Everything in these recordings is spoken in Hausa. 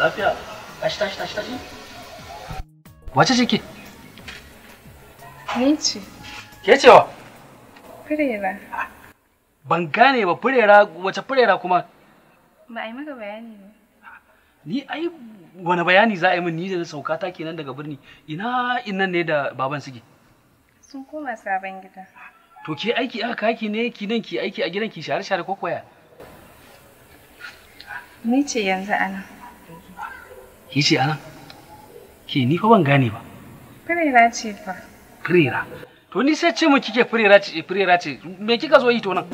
Lafiya, tashi tashi tashi tashi. Wace ce ke? Ni ce. Ke cewa? Furera. Ban gane ba furera wace furera kuma? Ba a yi maka bayani ba. Ni ai wani bayani za a yi min ni da sauka ta kenan daga birni ina innan ne da baban suke. Sun koma sabon gida. To ke aiki aka kaki ne ki nan ki aiki a gidan ki share share ko koya? Ni ce yanzu Ana. Ki ce Ana? Ke ni fa ban gane ba. Firira ce fa. Firira. To ni sai ce mu kike firira ce eh, firira ce me kika zo yi to nan?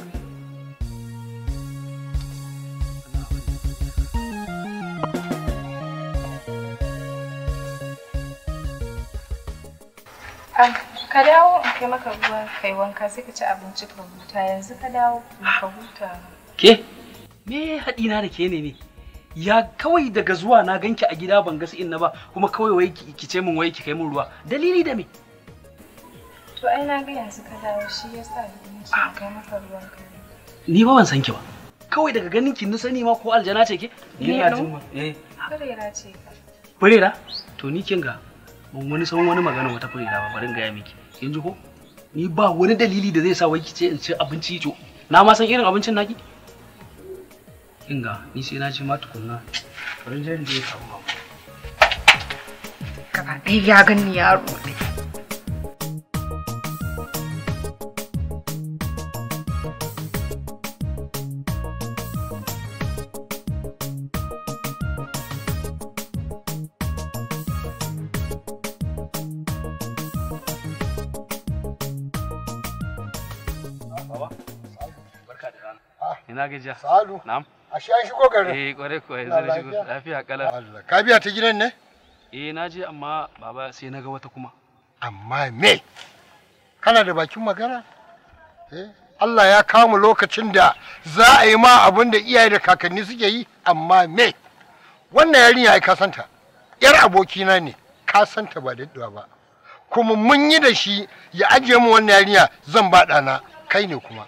Ah, ka dawo in kai maka ruwa kai wanka sai ka ci abinci ka huta yanzu ka dawo ka huta. Ke? me haɗina da ke ne ne ya kawai daga zuwa na ganki a gida ban ga na ba kuma kawai wai ki ce min wai ki kai min ruwa dalili da me to ai na ga yanzu ka dawo shi yasa ni ce kai maka ruwa kai ni ba ban san ki ba kawai daga ganin ki ni sani ma ko aljana ce ke eh, ni na jin ma eh furera ce ka to ni kin ga ban wani san wani magana wata furera ba bari ga gaya miki kin ji ko ni ba wani dalili da zai sa wai ki ce in ci abinci to na ma san irin abincin naki inga ni sai na ci ma tukunna. Bari zan je ka ba. Gaba ɗaya ya gani yaro ne. Ah. Salu. Na'am. a shi an shigo garin eh kwarai kwarai zai shigo lafiya kala Allah ka biya ta gidan ne eh na je amma baba sai na ga wata kuma amma me kana da bakin magana eh Allah ya kama lokacin da za a yi ma abin da iyaye da kakanni suke yi amma me wannan yarinya ai ka santa yar abokina ne ka santa ba daddawa ba kuma mun yi da shi ya ajiye mu wannan yarinya zan ba ɗana kai ne kuma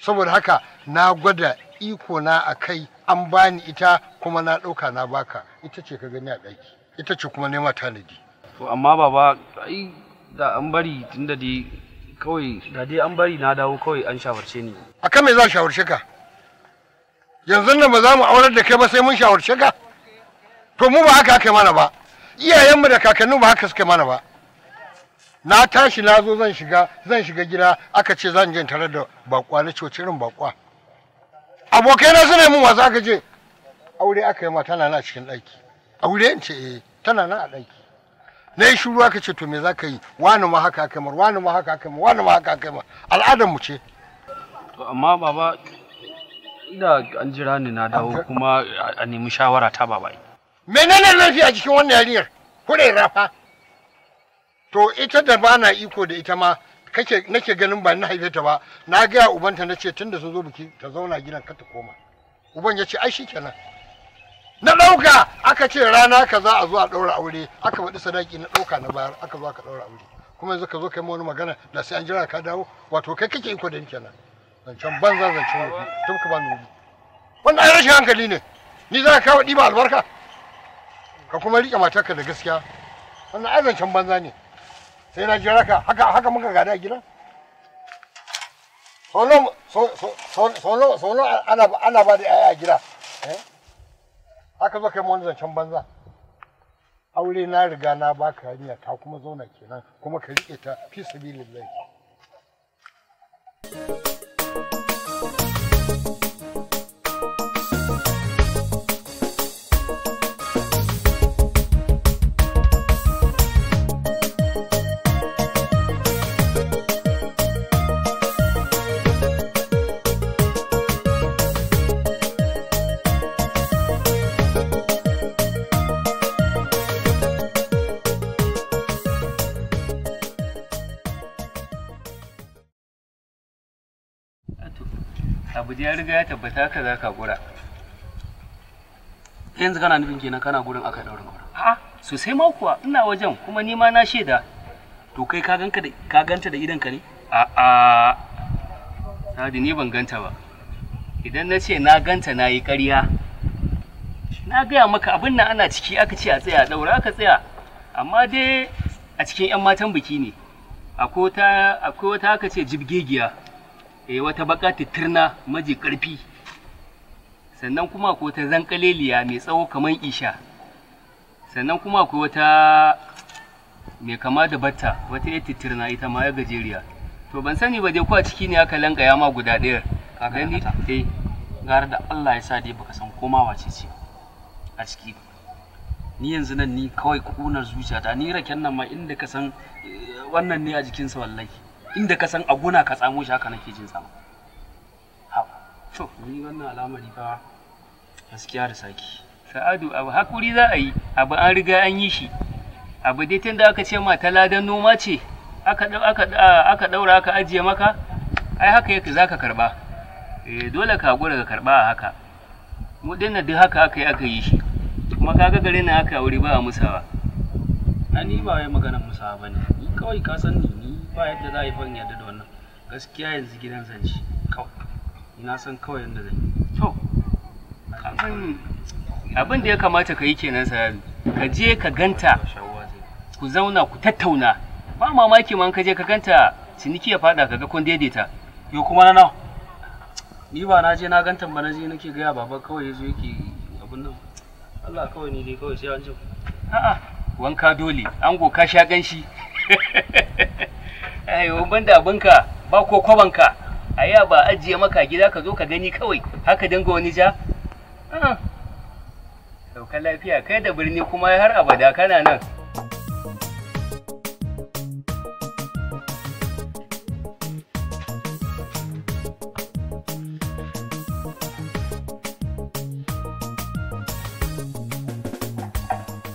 saboda haka na gwada iko na a kai an bani ita kuma na ɗauka na baka ita ce ka gani a ɗaki ita ce kuma nema tanadi to amma baba ai da an bari tunda dai kawai da dai an bari na dawo kawai an shawarce ni a kan me za shawarce ka yanzu nan ba za mu aurar da kai ba sai mun shawarce ka to mu ba haka aka mana ba iyayenmu da kakanni ba haka suka mana ba na tashi na zo zan shiga zan shiga gida aka ce zan je tare da bakwa na cocirin bakwa abokaina suna mun wasa ka ce aure aka yi ma tana na cikin ɗaki aure in ce eh tana na a ɗaki na yi shuru aka ce to me za ka yi wani ma haka aka mar wani ma haka aka mar wani ma haka aka mar al'adar mu ce to amma baba da an jira ni na dawo kuma a nemi shawara ta baba menene laifi a cikin wannan yariyar kure rafa to ita da bana iko da ita ma kake nake ganin ba ni haife ta ba na gaya ubanta na ce tunda sun zo biki ta zauna gidan ka ta koma uban ya ce ai shikenan na ɗauka aka ce rana kaza a zo a ɗaura aure aka faɗi sadaki na ɗauka na bayar aka zo aka ɗaura aure kuma yanzu ka zo kai wani magana da sai an jira ka dawo wato kai kake iko da ni kenan zancen banza zancen wofi tun ka ba ni wannan ai rashin hankali ne ni za ka kawo ɗiba albarka ka kuma riƙe matarka da gaskiya wannan ai zancen banza ne sai na jira ka haka haka muka gada a gidan sono sono sono ana ana ba da yaya a gida eh? haka zo kai mu wani zancen banza aure na riga na baka hanya ta kuma zauna kenan kuma ka rike ta fi sabilillahi thank you abu ya riga ya tabbata ka za ka gura yanzu kana nufin kenan kana gurin aka daura Ha? a sosai ma kuwa ina wajen kuma ni ma na shaida to kai ka ganka da ka ganta da idonka ne a a Sadi ni ban ganta ba idan na ce na ganta na yi ƙarya na gaya maka abin nan ana ciki aka ce a tsaya daura aka tsaya amma dai a cikin 'yan matan biki ne akwai wata aka ce jibgegiya eh wata baka titirna maji ƙarfi. sannan kuma ko ta zankaleliya mai tsawo kamar isha sannan kuma akwai wata mai kama da batta wata ya titirna ita ma ya gajeriya to ban sani ba dai ko a ciki ne aka lankaya ma guda ɗaya kaga ni eh gara da Allah ya sa dai baka san koma wace ce a ciki ni yanzu nan ni kawai kunar zuciyata ni raken nan ma inda ka san eh, wannan ne a jikinsa wallahi inda ka san a gona ka tsamo shi haka nake jin tsama? to ni wannan al'amari fa gaskiya da saki sa'adu abu hakuri za a yi abu an riga an yi shi abu dai tun da aka ce ma ta ladan noma ce aka ɗaura aka ajiye maka ai haka yake za ka karɓa eh, dole ka gura ka karɓa a haka mu dinna duk haka aka yi aka yi shi kuma kaga gare na haka wuri ba a musawa ani ba wai maganar musawa bane ni kawai ka san ni ni ba yadda za a yi ban yadda da wannan gaskiya yanzu gidan zan ci kawai ina san kawai yadda zan to abin da ya kamata ka yi kenan sarari ka je ka ganta ku zauna ku tattauna ba mamaki man ka je ka ganta ciniki ya fada ga kun daidaita yo kuma na nawa ni ba na je na ganta ba na je nake gaya baba kawai yazo yake abin nan Allah kawai ni dai kawai sai an ji a'a wanka dole ango ka sha ganshi ayo ban da abinka ba ko kwabanka a ba ajiye maka gida ka zo ka gani kawai haka dinga wani ja ah. sauka lafiya kai da birni kuma har abada kana nan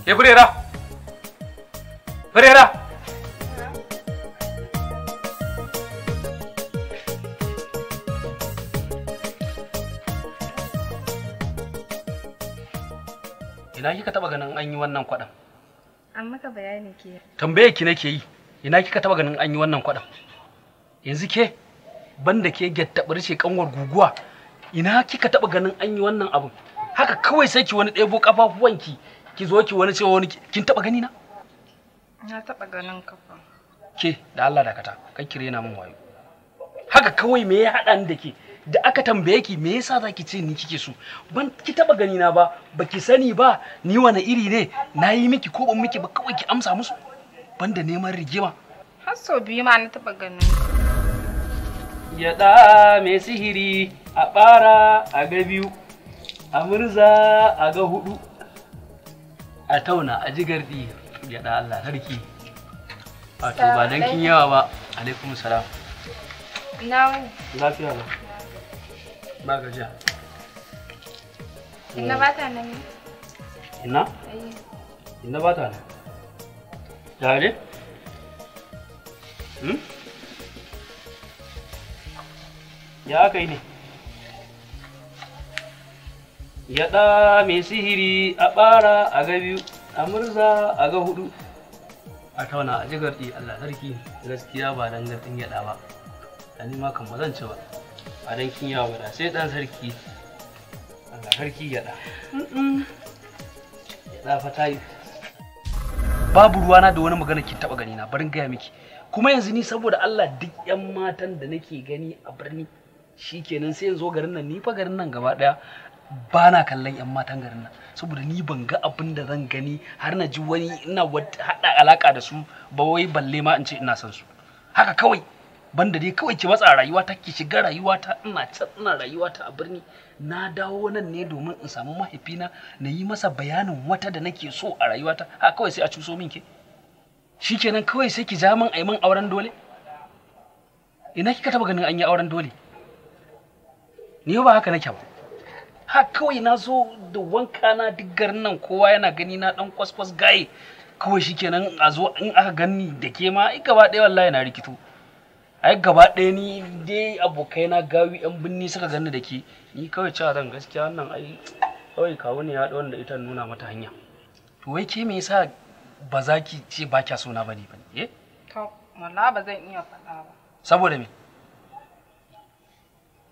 Ebrera! yi wannan kwaɗan? An maka bayani ke. Tambaye ki nake yi, ina kika taba ganin an yi wannan kwaɗan? Yanzu ke, banda ke gyattaɓar ce kanwar guguwa, ina kika taba ganin an yi wannan abun? Haka kawai sai ki wani ɗebo ƙafafuwanki, ki zo ki wani cewa wani kin taba gani na? Na taba ganin kafa. Ke, da Allah dakata, kar ki rena min wayo. Haka kawai me ya haɗa ni da ke? da aka tambaye ki me yasa zaki ce ni kike so ban ki taba gani na ba baki sani ba ni wani iri ne na yi miki ko ban miki ba kawai ki amsa musu banda neman rigima har so biyu ma na taba ganin ya da mai sihiri a bara a ga biyu a murza a ga hudu a tauna a ji gardi ya da Allah sarki wato ba dan kin yawa ba alaikum salam na lafiya na ba inna ba ta nan eh. hmm? ya aka yi mai sihiri a ɓara a ga biyu a murza a ga hudu a tauna a jigar Allah sarki gaskiya ba dangar ɗin ya ɗa ba, ɗani ma kan ba zan ci ba. a dan kin yawo da sai dan sarki Allah sarki ya da ya fa tayi babu ruwana da wani magana ki taba gani na barin gaya miki kuma yanzu ni saboda Allah duk yan matan da nake gani a birni shikenan sai yanzu garin nan ni fa garin nan gaba daya ba na kallon 'yan matan garin nan saboda ni ban ga abin da zan gani har na ji wani ina hada alaka da su ba wai balle ma in ce ina son su haka kawai banda dai kawai ki matsa ta ki shiga rayuwa ta ina can ina rayuwata a birni na dawo nan ne domin in samu mahaifina na yi masa bayanin wata da nake so a rayuwa ta ha kawai sai a cuso min ke shikenan kawai sai ki ja min a min auren dole ina kika taba ganin an yi auren dole ni ba haka nake ba ha kawai na zo da wanka na duk garin nan kowa yana gani na dan kwaskwas gaye kawai shikenan a zo in aka gani da ke ma ai gaba ɗaya wallahi na rikito ai gaba ɗaya ni dai abokai na gawi yan binni suka gani da ke ni kawai cewa zan gaskiya wannan ai kawai kawo ne ya wanda ita nuna mata hanya to wai ke me yasa ba za ki ce ba kya sona ne ba eh to wallahi ba zan iya faɗa ba saboda me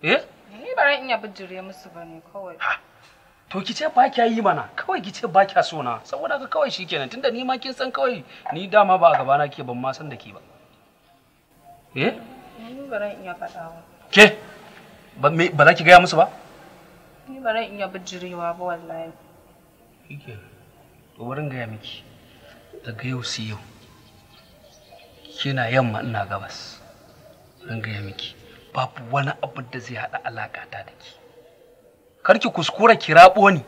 eh ni ba zan iya bijire musu ne kawai to ki ce ba kya yi mana kawai ki ce ba kya sona saboda ka kawai shikenan tunda ni ma kin san kawai ni dama ba a gaba na ke ban ma san da ke ba eh ke ba za ki gaya musu ba ni ba ran iya bijirewa ba wallahi kike to bari gaya miki daga yau sai yau kina yamma ina gabas bari gaya miki babu wani abu da zai haɗa alaƙa ta da ki kar ki kuskura ki raɓo ni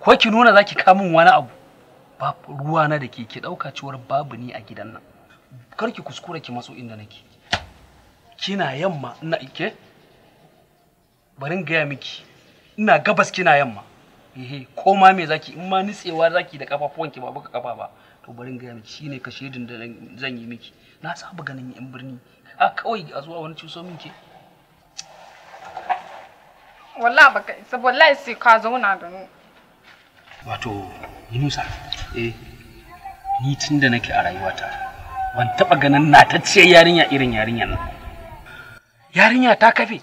ko ki nuna za ki kamun wani abu babu ruwa na da ke ki ɗauka cewar babu ni a gidan nan kar ki kuskura ki matso inda nake kina yamma ina ike bari in gaya miki ina gabas kina yamma ehe ko ma me zaki in ma nitsewa zaki da kafafuwan ki ba baka kafa ba to bari in gaya miki shine kashe din da zan yi miki na saba ganin yan birni a kawai a zuwa wani cuso min ke wallahi baka isa wallahi sai ka zauna da ni wato musa eh ni tunda nake a rayuwata ban taba ganin natacce yarinya irin yarinyar nan yarinya ta kafe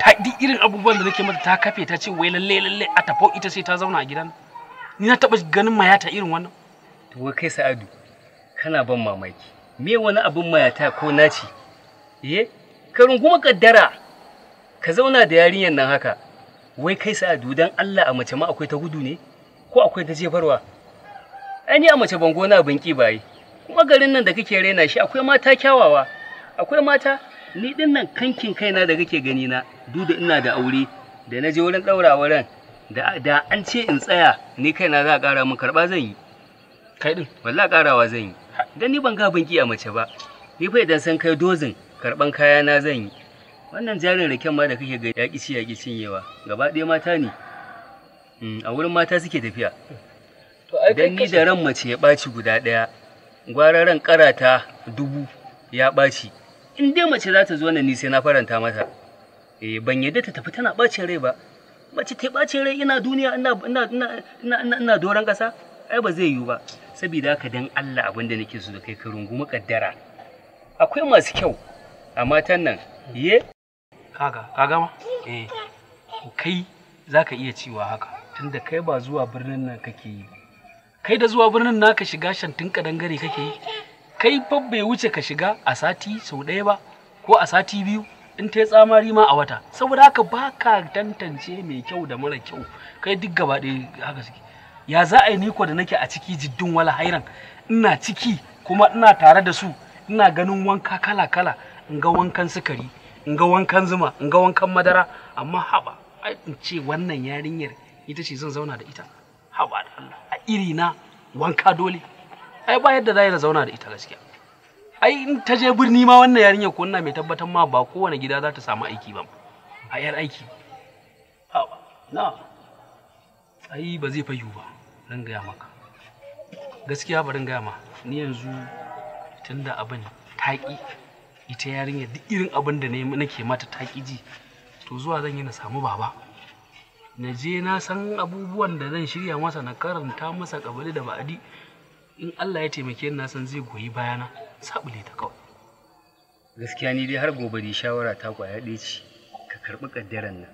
ta duk irin abubuwan da nake mata ta kafe ta ce wai lalle lalle a tafo ita sai ta zauna a gidan ni na taba ganin mayata irin wannan to wai kai sa'adu kana ban mamaki me wani abin mayata ko naci eh ka runguma kaddara ka zauna da yarinyar nan haka wai kai sa'adu dan Allah a mace ma akwai ta gudu ne ko akwai ta jefarwa ai ni a mace bango na binki ki baye kuma garin nan da kake rena shi akwai mata kyawawa akwai mata ni din nan kankin kaina da kake gani na duda ina da aure da na je wurin ɗaura wurin da da an ce in tsaya ni kaina za a ƙara min karɓa zan yi kai din wallahi ƙarawa zan yi dan ni ban ga banki a mace ba ni fa idan san kai dozin karɓan kaya na zan yi wannan jarin raken ma da kake gani ya ƙici ya cinyewa gaba ɗaya mata ne mm, a wurin mata suke tafiya dan ni da ran mace ya ɓaci guda ɗaya gwararan ƙarata karata dubu ya ɓaci in dai mace za ta zo nan ni sai na faranta mata eh ban yadda ta tafi tana ɓacin rai ba mace ta ɓacin rai ina duniya ina ina ina ina ina doran ƙasa ai ba zai yiwu ba saboda haka dan Allah abin da nake so da kai ka rungumi kaddara akwai masu kyau a matan nan ye kaga kaga ma eh kai zaka iya cewa haka tunda kai ba zuwa birnin nan kake yi kai da zuwa birnin naka shiga shantin kadangare kake yi kai fa bai wuce ka shiga a sati sau ɗaya ba ko a sati biyu in ta tsamari ma a wata saboda haka ba ka tantance mai kyau da mara kyau kai duk gaba ɗaya haka suke ya za a yi niko da nake a ciki jiddin wala hairan ina ciki kuma ina tare da su ina ganin wanka kala kala in ga wankan sukari in ga wankan zuma in ga wankan madara amma haba in ce wannan yarinyar ita ce zan zauna da ita haba da Allah a iri na wanka dole ai ba yadda za na zauna da ita gaskiya ai in ta je birni ma wannan yarinya ko ina mai tabbatar ma ba kowane gida za ta samu aiki ba a yar aiki na ai ba zai fayu ba ran gaya maka gaskiya ba ran gaya ma ni yanzu tunda abin taƙi ita yarinya duk irin abin da nake mata taƙi ji to zuwa zan yi na samu baba na je na san abubuwan da zan shirya masa na karanta masa kabali da ba'adi in Allah ya taimake ni na san zai goyi bayana sabule ta kawai gaskiya ni dai har gobe ni shawara ta kwaya ɗaya ce ka karɓi kaddaran nan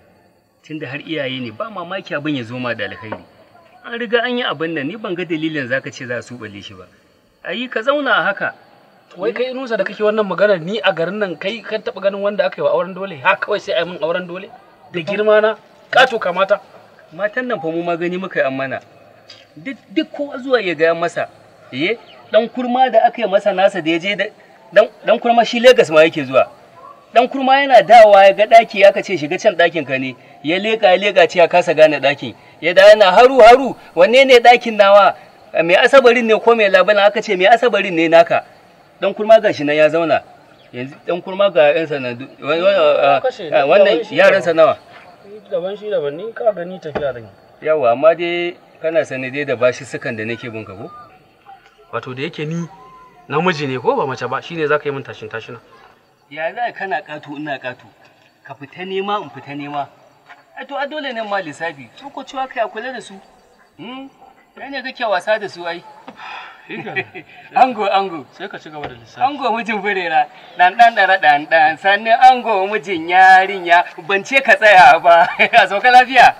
tunda har iyaye ne ba mamaki abin ya zo ma da alkhairi an riga an yi abin nan ni ban ga dalilin zaka ce za su balle shi ba ayi ka zauna a haka wai kai nusa da kake wannan magana ni a garin nan kai kan taɓa ganin wanda aka yi wa auren dole ha kawai sai a yi auren dole da girma na kato kamata matan nan fa mu ma gani muka yi amana duk kowa zuwa ya gaya masa eh dan kurma da aka yi masa nasa da ya je dan kurma shi Legas ma yake zuwa dan kurma yana dawa ya ga daki aka ce shiga can dakin ka ne ya leka ya leka ce ya kasa gane dakin ya da yana haru haru wanne ne dakin nawa mai asabarin ne ko mai labana aka ce mai asabarin ne naka dan kurma gashi nan ya zauna yanzu dan kurma ga yan sanadu wannan yaran sa nawa gaban shi daban ni ka gani tafiya da yawa amma dai kana sanade da bashi sukan da nake bin ka ko wato da yake ni namiji ne ko ba mace ba shine zaka yi min tashin tashina ya za kana kato ina kato ka fita nema in fita nema a to a dole ne ma lissafi su ko cewa kai a kula da su hmm? kai ne kake wasa da su ai ango ango sai ka ci gaba da lissafi ango mijin burera dan dan dara dan dan sannan ango mijin yarinya bance ka tsaya ba a sauka lafiya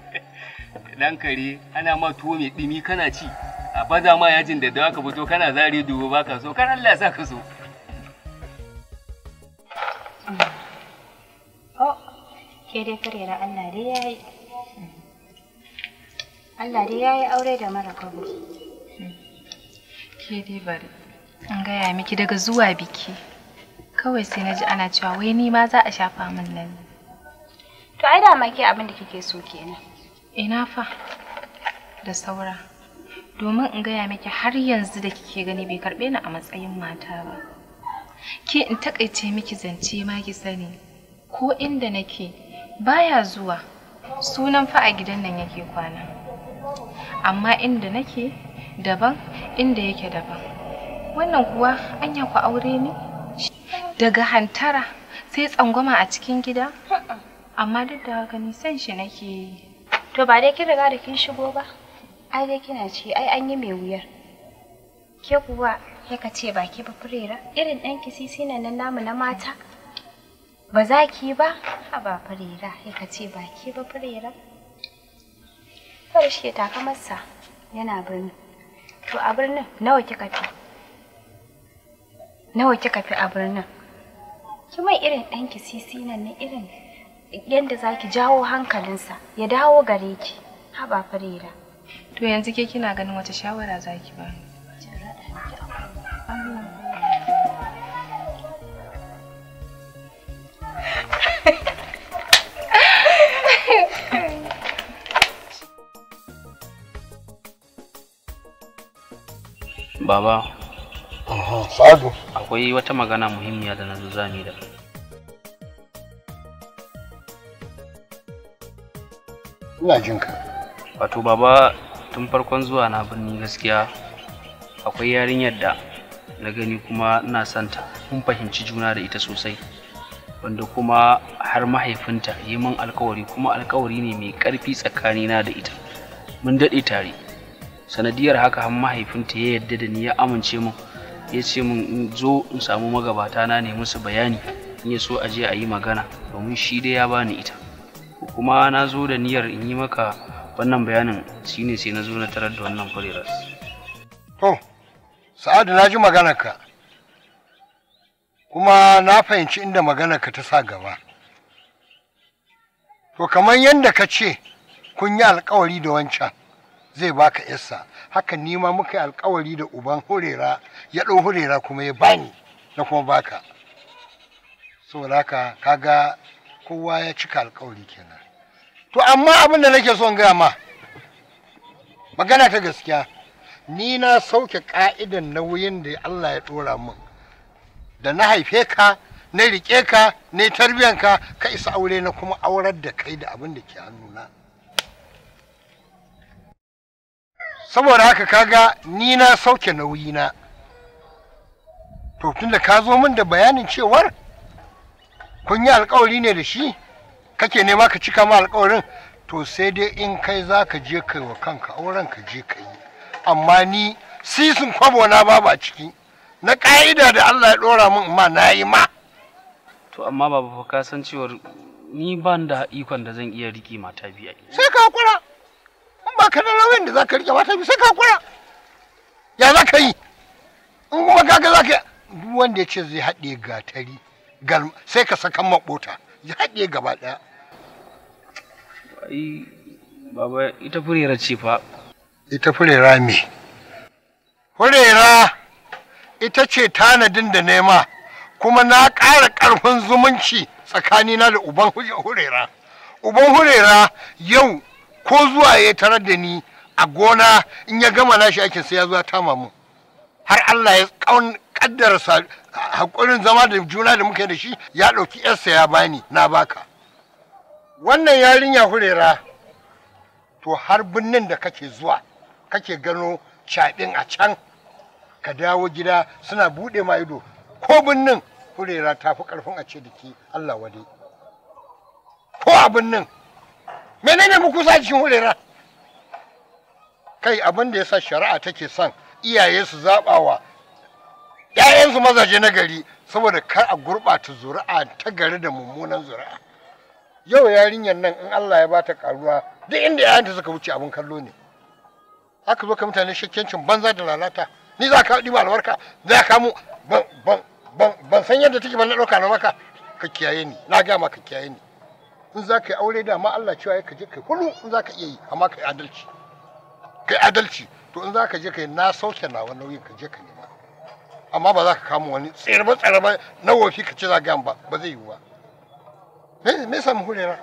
dan kare ana ma tuwo mai dimi kana ci a baza ma yajin da dawa ka fito kana zari dubu baka so kan Allah ya saka ka so oh, ke dai karera Allah dai yayi Allah dai yayi aure da mara kabo ke dai bari an gaya miki daga zuwa biki kawai sai na ji ana cewa wai ni ma za a shafa min lalle to ai ma ke abin da kike so kenan ina fa da saura domin in gaya miki har yanzu da kike gani bai karɓe ni a matsayin mata ba ke in takaice miki zance ma ki sani ko inda nake baya zuwa sunan fa a gidan nan yake kwana amma inda nake daban inda yake daban wannan kuwa anya ku aure ni? daga hantara sai tsangwama a cikin gida amma duk da haka ni san shi nake yi to ba dai kin riga da kin shigo ba ai dai kina ce ai an yi mai wuyar ke kuwa ya ka ce baki ba furera irin ɗan kisisi na nan namu na mata ba za ki ba ha ba furera ya ka ce baki ba furera kawai shi takamarsa yana birni to a birnin nawa kika fi nawa kika fi a birnin ki mai irin ɗan kisisi nan na irin yadda za ki jawo hankalinsa ya dawo gare ki haba furera To yanzu ke kina ganin wata shawara za ki ba Baba, Akwai wata magana muhimmiya da na zo zami da. Ina jinka. wato baba tun farkon zuwa na birni gaskiya akwai yarinyar da na gani kuma ina santa mun fahimci juna da ita sosai wanda kuma har mahaifinta yi min alkawari kuma alkawari ne mai ƙarfi tsakanina da ita mun daɗe tare sanadiyar haka har mahaifinta ya yadda da ni ya amince min ya ce mun zo in samu magabata na ne musu bayani in ya so a je a yi magana domin shi dai ya bani ita kuma na zo da niyyar in yi maka wannan bayanin shine sai na zo na tarar da wannan kureras to sa'adu na ji maganarka kuma na fahimci inda maganarka ta sa gaba to kamar yadda ka ce kun yi alkawari da wancan zai baka yassa haka nima muka yi alkawari da uban hurera ya ɗau hurera kuma ya bani na kuma baka saboda ka kaga kowa ya cika alkawari kenan to amma abin da nake son gaya ma magana ta gaskiya ni na sauke ka'idan nauyin da Allah ya dora min da na haife ka na rike ka na tarbiyanka ka ka isa aure na kuma aurar da kai da abin da ke hannuna saboda haka kaga ni na sauke nauyina to tunda ka zo min da bayanin cewar kun yi alkawari ne da shi kake nema ka cika ma alƙawarin to sai dai in kai za ka je kai wa kanka auren ka je ka yi amma ni sisin kwabo na babu a ciki na ka'ida da Allah ya dora min ma na yi ma to amma baba fa ka san cewar ni ban da ikon da zan iya riki mata biya sai ka hakura in ba ka da lauyan da za ka riƙe mata biyu sai ka hakura ya za ka yi in kuma kaga za ka duk wanda ya ce zai haɗe gatari sai ka sakan maɓota ya haɗe gaba ɗaya ai baba ita furera ce fa ita furera me furera ita ce tanadin da nema kuma na ƙara ƙarfin zumunci tsakanina da uban hurera uban hurera yau ko zuwa ya tarar da ni a gona in ya gama nashi aikin sai ya zuwa tama mu har Allah ya kaddara hakurin zama da juna da muke da shi ya ɗauki yarsa ya bani na baka wannan yarinya hurera to har birnin da kake zuwa kake gano caɗin a can ka dawo gida suna buɗe ma ido ko birnin hurera ta fi ƙarfin a ce da Allah wade ko a birnin menene muku sa cikin hurera kai abin da ya shari'a take son iyaye su zaɓawa ‘ya'yansu mazaje na gari saboda kar a gurɓata zuri'a ta gari da mummunan zuri'a yau yarinyar nan in Allah ya bata karuwa duk inda yayanta suka wuce abun kallo ne aka zo ka mutane shakkencin banza da lalata ni za ka ba albarka za ka mu ban ban ban ban san yadda take ban na ɗauka na maka ka kiyaye ni na ga maka kiyaye ni in za ka yi aure da ma Allah cewa ka je kai kulu in za ka iya yi amma ka adalci ka adalci to in za ka je kai na sauke nawa nauyin ka je ka nema amma ba za ka kama wani tsirba tsirba na wofi ka ce za ga ba ba zai yi ba me me samu hurera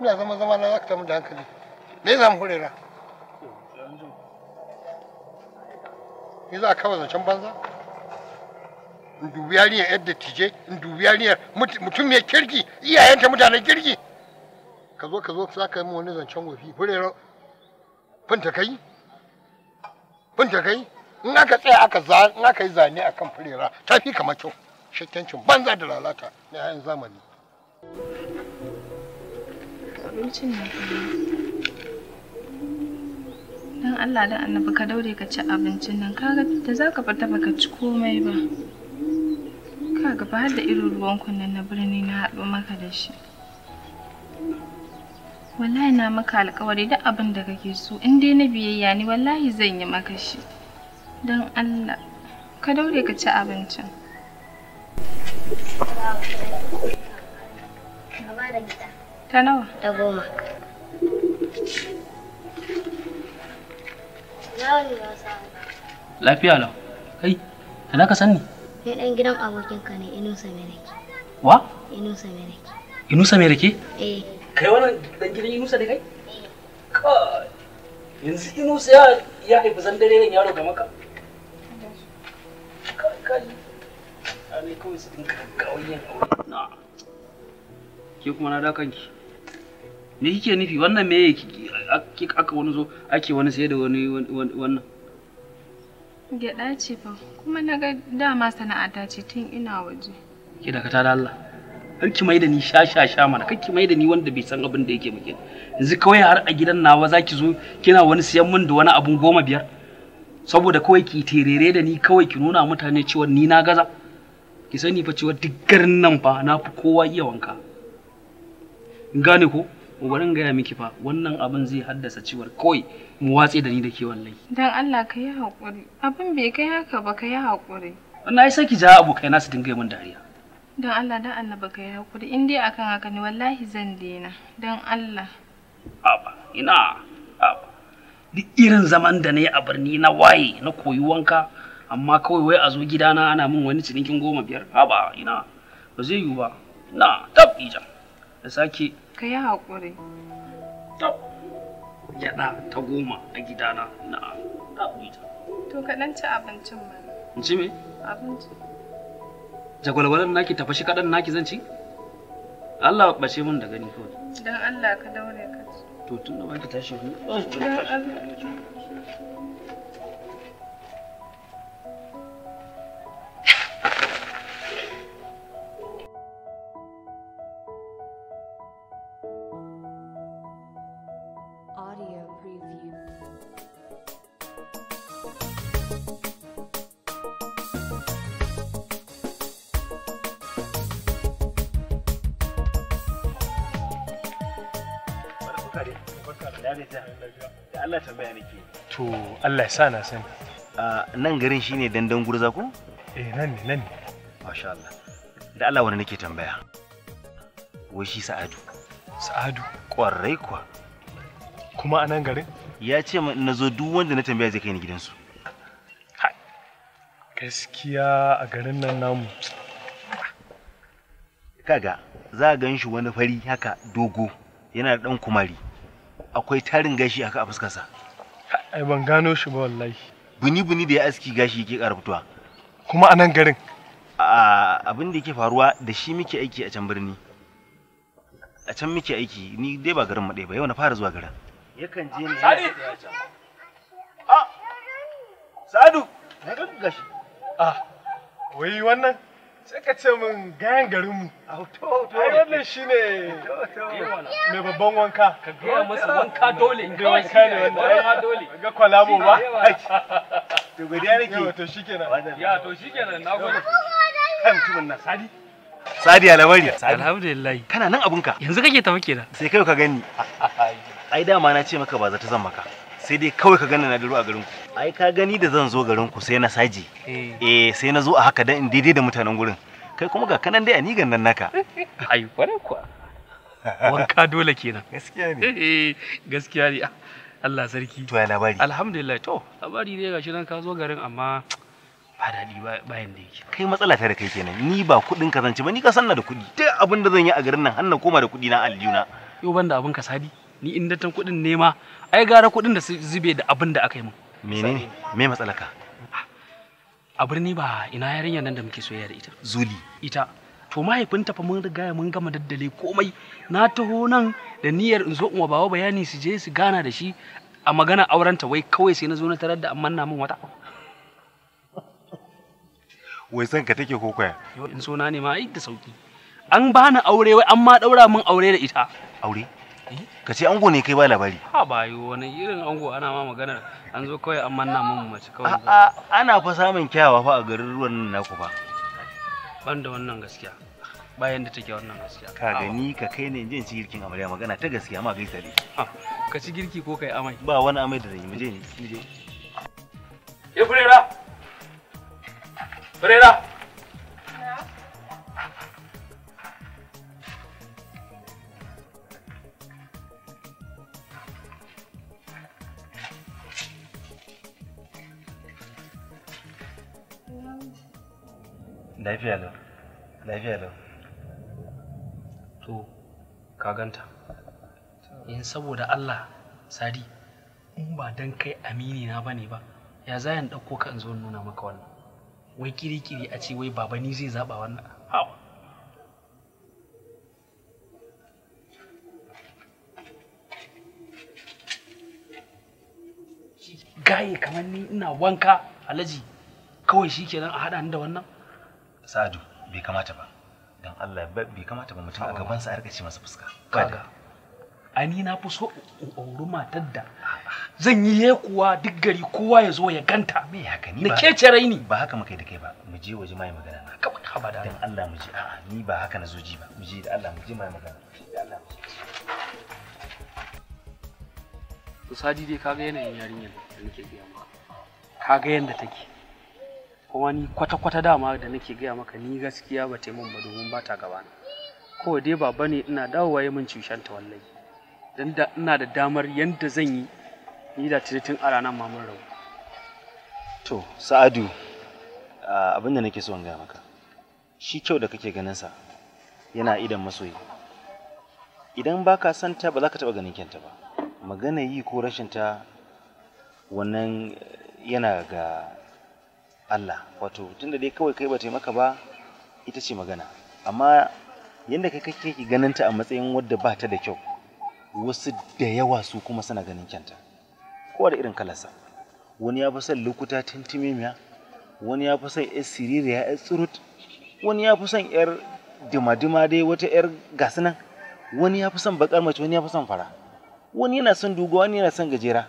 ina zama zama na zaka tamu da hankali me samu hurera ni za ka kawo zancen banza in dubi yariyar yadda tije in dubi yariyar mutum mai kirki iyayenta mutanen kirki ka zo ka zo za ka yi wani zancen gofi hurera finta kai finta kai in aka tsaya aka za in aka yi zane akan furera ta fi kamar kyau shakkencin banza da lalata na yayin zamani Abincin na Dan Allah da annabi ka daure ka ci abincin nan kaga da ka fita baka ci komai ba. Kaga ba da irin ruwan kunnen na birni na haɗu maka da shi. Wallahi na maka alƙawari duk abin da kake so in dai na biyayya ne wallahi zan yi maka shi. Dan Allah ka daure ka ci abincin. Ta nawa? Ta goma. Lafiya lau. Kai, da ka sani? Ni ɗan gidan abokinka ne Inusa Mereke. Wa? Inusa Mereke. Inusa Mereke? Eh. Kai wannan ɗan gidan Inusa ne kai? Kai. Yanzu Inusa ya ya haifi zandare yaro ga maka. Kai kai. kawai su dinka ke kuma na da kanki me kike nufi wannan me aka wani zo ake wani sai da wani wannan gyaɗa ce fa kuma na ga dama sana'ata ce tun ina waje ke da kata da Allah kar ki mai da ni sha sha sha mana kar ki mai da ni wanda bai san abin da yake muke yanzu kawai har a gidan nawa zaki zo kina wani siyan min da wani abun goma biyar saboda kawai ki terere da ni kawai ki nuna mutane cewa ni na gaza ki sani fa cewa duk garin nan fa na fi kowa iya wanka gane ko bari in gaya miki fa wannan abin zai haddasa ciwar kawai mu watse da ni da ke wallahi dan Allah ka yi hakuri abin bai kai haka ba ka yi hakuri na yi saki ja abokai na su dinga min dariya dan Allah dan Allah ba ka yi hakuri in dai akan haka ne wallahi zan daina dan Allah aba ina aba duk irin zaman da na yi a birni na waye na koyi wanka amma kawai wai a zo gidana ana min wani cinikin goma biyar haba ina ba zai yiwu ba na tab ja. da sake ka yi haƙuri to ta goma a gidana na ɗaɓuita to ka ci abincin ma in ci me abinci Jagwalwalan naki tafashi kaɗan naki zan ci Allah bace mun da gani kawai dan Allah ka daure ka ci to tun da baki tashi ku Allah sa na sani nan garin shine dandan gurza ko eh nan ne nan ne masha Allah da Allah wani nake tambaya wai shi Sa'adu Sa'adu kwarai kuwa kuma a nan garin ya ce min na zo duk wanda na tambaya zai kai ni gidansu gaskiya a garin nan namu kaga za a gan shi wani fari haka dogo yana da ɗan kumari akwai tarin gashi haka a fuskarsa ai ban gano shi ba wallahi buni buni da ya aski gashi yake ƙara kuma a nan garin abin da yake faruwa da shi muke aiki a can birni a can muke aiki ni dai ba garin maɗai ba yau na fara zuwa garin yakan je ne sadi a sadu na gashi ah wai wannan sai ka ce min gayan garinmu ai wannan shi ne mai babban wanka ka gaya masa wanka dole Ka wanka ne wanda dole ga ba to godiya nake to shikenan ya to shikenan na gode kan nan sadi sadi kana nan abunka yanzu kake tafi kenan sai kai ka gani ai dama na ce maka ba zata zan maka sai dai kawai ka gana na biro a garin ku ai ka gani da zan zo garin ku sai na saji eh. eh sai na zo a haka dan in daidai da mutanen gurin kai kuma ga kanan dai a ni gannan naka ai kwarai kuwa wanka dole kenan gaskiya ne eh, eh, gaskiya ne ah, Allah sarki to ya labari alhamdulillah to labari ne gashi nan ka zo garin amma ba daɗi ba yanda yake kai matsala ta da kai kenan ni ba kuɗin ka zance ba ni ka sanna da kuɗi duk abin da zan yi a garin nan hannan koma da kuɗi na aljuna yau ban da abin ka sadi ni in datan kuɗin nema ai gara kuɗin da su zube da abin da aka yi min Mene me matsalaka a birni ba ina yarinyar nan da muke soyayya da ita zuli ita to mahaifinta fa mun riga mun gama daddale komai na taho nan da niyyar in zo in bawa bayani su je su gana da shi a magana aurenta wai kawai sai na zo na tarar da amman na mun wata wai san ka take kokoya in so na ne ma ai da sauki an bani aure wai an ma daura mun aure da ita aure ka ce ango ne kai ba labari ha ba yi wani irin ango ana ma maganar an zo kawai an manna mun mace kawai a ana fa samun kyawa fa a garin ruwan naku ba ban da wannan gaskiya bayan da take wannan gaskiya ka gani ka kai ne jin ci girkin amarya magana ta gaskiya ma gaisa ne ka ci girki ko kai amai ba wani amai da zan yi ne muje ya furera eh, furera lafiya lau lafiya lau to ka ganta in eh, saboda Allah sadi in ba dan kai amini na bane ba ya za dauko ka in zo nuna maka wannan wai kirikiri a ce wai baba ni zai zaba wannan gaye kamar ni ina wanka alaji kawai shikenan a haɗa ni da wannan Sa'adu bai kamata ba. don Allah bai kamata ba mutum a gabansa a rika ce masa fuska. a ni na fi so auri matar da zan yi yekuwa duk gari kowa ya zo ya ganta. Me haka ni ba. Nake ce raini. Ba haka muka da kai ba. Mu je waje mai magana na. Kawai ba da. Allah mu je. A'a ni ba haka na zo ji ba. Mu je da Allah mu je mai magana. Sadi dai kaga yanayin yarinyar da nake biya ma. Kaga yanda take. wani ni kwata-kwata dama da nake gaya maka ni gaskiya ba ta mun ba domin ba ta gabana kawai dai baba ne ina dawowa ya min cushen ta wallahi dan da ina da damar yadda zan yi ni da tiritin a ranar mamun rabu to sa'adu abin da nake so in gaya maka shi kyau da kake ganin sa yana idan masoyi idan ba ka san ta ba za ka taɓa ganin kyanta ba magana yi ko rashin ta wannan eh, yana ga Allah wato tunda dai kawai kai ba taimaka ba ita ce magana amma yadda kai kake ganin ta a matsayin wadda ba ta da kyau wasu da yawa su kuma suna ganin kyanta kowa da irin kalarsa wani ya fi son lukuta tintimimiya wani ya fi son yar siririya yar tsurut wani ya fi son yar dima dai wata yar gasunan wani ya fi son bakar mace wani ya fi son fara wani yana son dogo wani yana son gajera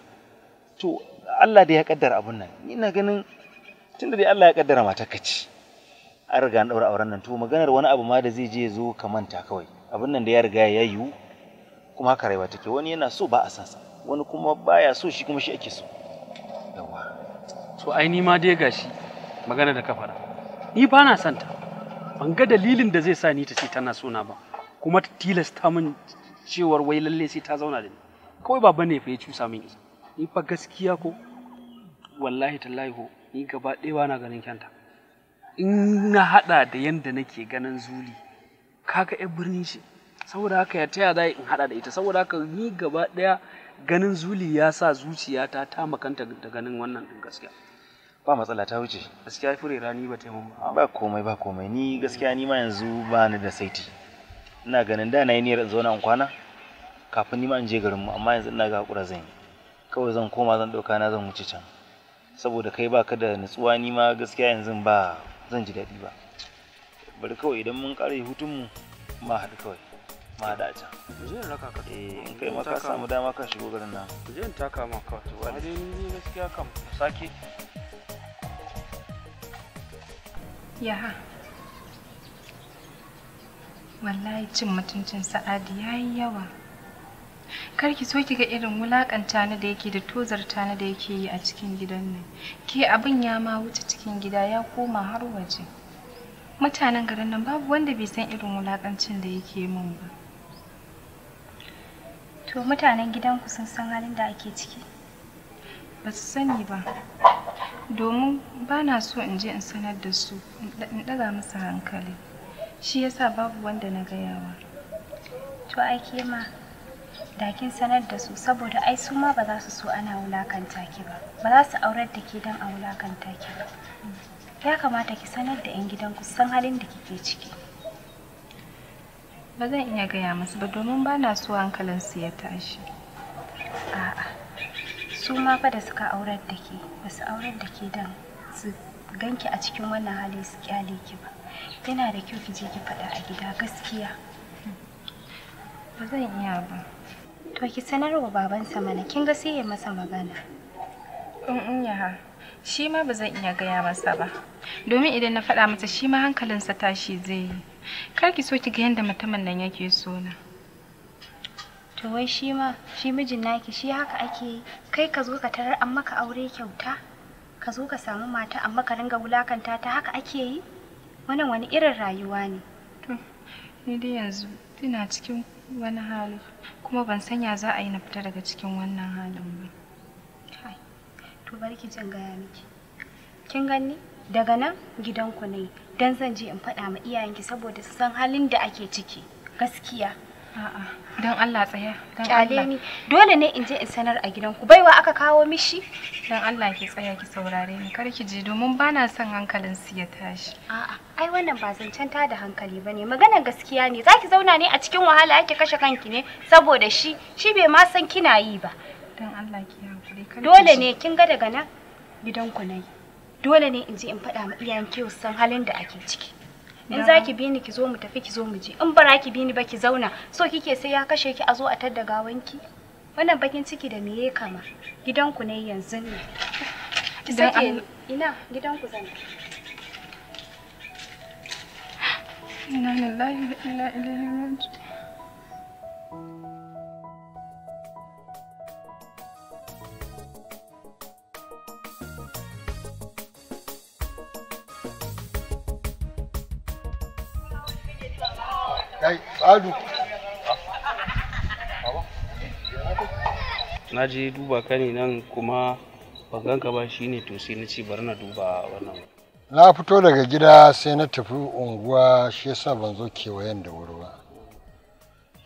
to Allah da ya kaddara abun nan ina ganin tunda dai Allah ya kaddara mata ka ce an riga an daura auren nan to maganar wani abu ma da zai je zo ka manta kawai abin nan da ya riga ya yiwu kuma haka rayuwa take wani yana so ba a san sa wani kuma baya so shi kuma shi ake so yawa to ai ni ma dai gashi magana da ka faɗa ni ba na santa ban ga dalilin da zai sa ni ta ce tana na ba kuma ta tilasta min cewar wai lalle sai ta zauna da ni kawai baba ne fa ya cusa min ni fa gaskiya ko wallahi tallahi ko ni gaba ɗaya ba na ganin kyanta in na haɗa da yadda nake ganin zuli kaga yan birni ce saboda haka ya taya za in haɗa da ita saboda haka ni gaba ɗaya ganin zuli ya sa zuciyata ta makanta da ganin wannan ɗin gaskiya ba matsala ta wuce gaskiya fure rani ba taimaka ba komai ba komai ni gaskiya ni ma yanzu ba ni da saiti ina ganin da na yi niyyar zo nan kwana kafin ni ma in je garinmu amma yanzu ina ga hakura zan yi kawai zan koma zan ɗauka na zan wuce can saboda kai baka da nutsuwa ni ma gaskiya yanzu ba zan ji daɗi ba bari kawai idan mun ƙare hutunmu ma haɗu kawai ma da a can je in raka ka eh, in kai ma ka samu dama ka shigo garin nan je in taka ma kawai to wani ni gaskiya kam sake yaha wallahi cin mutuncin sa'adi yayi yawa kar ki so ki ga irin wulakanta ni da yake da tozarta ni da yake yi a cikin gidan nan ke abin ya ma wuce cikin gida ya koma har waje mutanen garin nan babu wanda bai san irin wulakancin da yake min ba to mutanen gidanku sun san halin da ake ciki ba su sani ba domin ba na so in je in sanar da su in ɗaga musu hankali shi yasa babu wanda na gayawa to ai ma da kin sanar da su saboda ai su ma ba za su so ana wulakanta ki ba ba za su aurar da ke don a wulakanta ki ba ya kamata ki sanar da 'yan gidan ku san halin da kike ciki ba zan iya gaya musu ba domin ba na so su ya tashi a'a su ma fa da suka aurar da ke ba su aurar da ke don su ganki a cikin wannan hali su kyale ki ba yana da kyau ki je ki faɗa a gida gaskiya ba zan iya ba To ki sanar wa babansa mana kin ga sai ya masa magana. In ya ha. Shi ma ba zan iya gaya masa ba. Domin idan na faɗa masa shi ma hankalinsa tashi zai yi. Kar ki so ki ga yadda mutumin nan yake so na. To wai shi ma shi mijin naki shi haka ake yi. Kai ka zo ka tarar an maka aure kyauta. Ka zo ka samu mata amma ka ringa wulakanta ta haka ake yi. Wannan wani irin rayuwa ne. To ni dai yanzu ina cikin Wani hali kuma ban sanya za a yi na fita daga cikin wannan halin ba. to bari ki jin gaya miki. Kin gani? Daga nan gidanku ne, don zan je in faɗa ma iyayenki saboda su san halin da ake ciki. Gaskiya. Don Allah tsaya. Kyale ni. Dole ne in je in sanar a gidanku. Baiwa aka kawo mishi? Don Allah ki tsaya ki saurare ni. Kar ki je domin bana son hankalin su ya tashi. A'a, ai wannan ba zancen ta da hankali bane. Magana gaskiya ne. Zaki zauna ne a cikin wahala yake kashe kanki ne saboda shi shi bai ma san kina yi ba. Don Allah ki hankali. Dole ne kin ga daga nan gidanku nayi. Dole ne in je in faɗa ma iyayen kiwo san halin da ake ciki. in za ki bi ni ki zo mu tafi ki zo mu je in bara ki bi ni ba ki zauna so kike sai ya kashe ki a zo a tadda gawanki wannan bakin ciki da me yake kama gidanku ne yanzu ne ina gidanku zan inna lillahi wa inna ilaihi raji'un na je duba kani nan kuma ban ka ba ne to sai na ce bari na duba wannan na fito daga gida sai na tafi unguwa shi yasa ban zo kewayen da wuri ba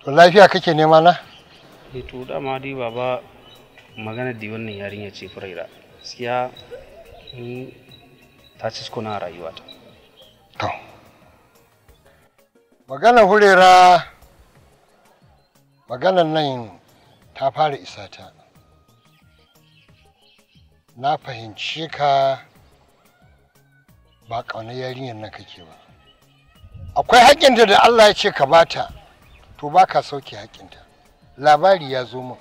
to lafiya kake nema na eh to dama dai baba magana da wannan yarinya ce furaira gaskiya ta ci kuna rayuwata to magana hurera maganar nan ta fara isa ta na fahimci ka ba ƙaunar yarinyar nan kake ba akwai haƙƙinta da allah ya ce ka bata to ba ka sauke haƙƙinta labari ya zo min